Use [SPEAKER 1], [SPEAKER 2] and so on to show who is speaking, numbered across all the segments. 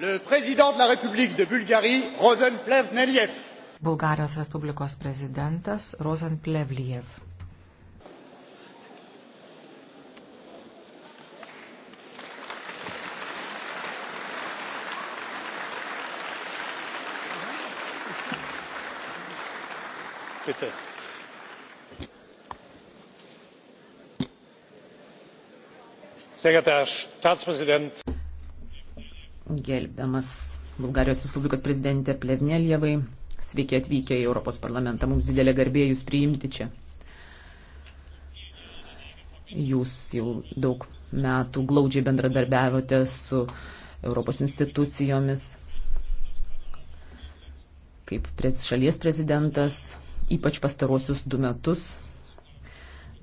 [SPEAKER 1] Le président de la République de Bulgarie, Rosen Plevneliev. Bulgarijos Respublikos prezidentas Rozen Plevliev. Bitte. Sehr geehrter Herr Staatspräsident!
[SPEAKER 2] Gerbiamas Bulgarijos Respublikos prezidentė Plevnelievai, sveiki atvykę į Europos parlamentą. Mums didelė garbė jūs priimti čia. Jūs jau daug metų glaudžiai bendradarbiavote su Europos institucijomis kaip šalies prezidentas, ypač pastarosius du metus.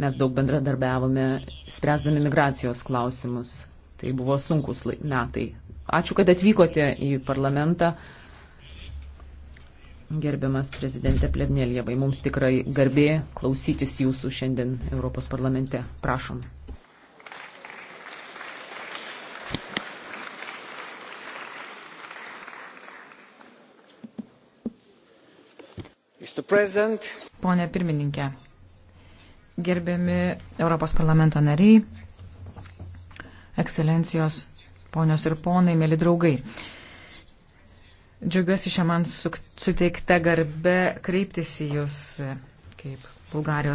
[SPEAKER 2] Mes daug bendradarbiavome, spręsdami migracijos klausimus Tai buvo sunkus metai. Ačiū, kad atvykote į parlamentą. Gerbiamas prezidentė Plevnelievai, mums tikrai garbė klausytis jūsų šiandien Europos parlamente. Prašom.
[SPEAKER 1] Pone pirmininkė, gerbiami Europos parlamento nariai, ekscelencijos, ponios ir ponai, mėly draugai. Džiugiuosi šią man suteikta garbe kreiptis į Jūs kaip Bulgarijos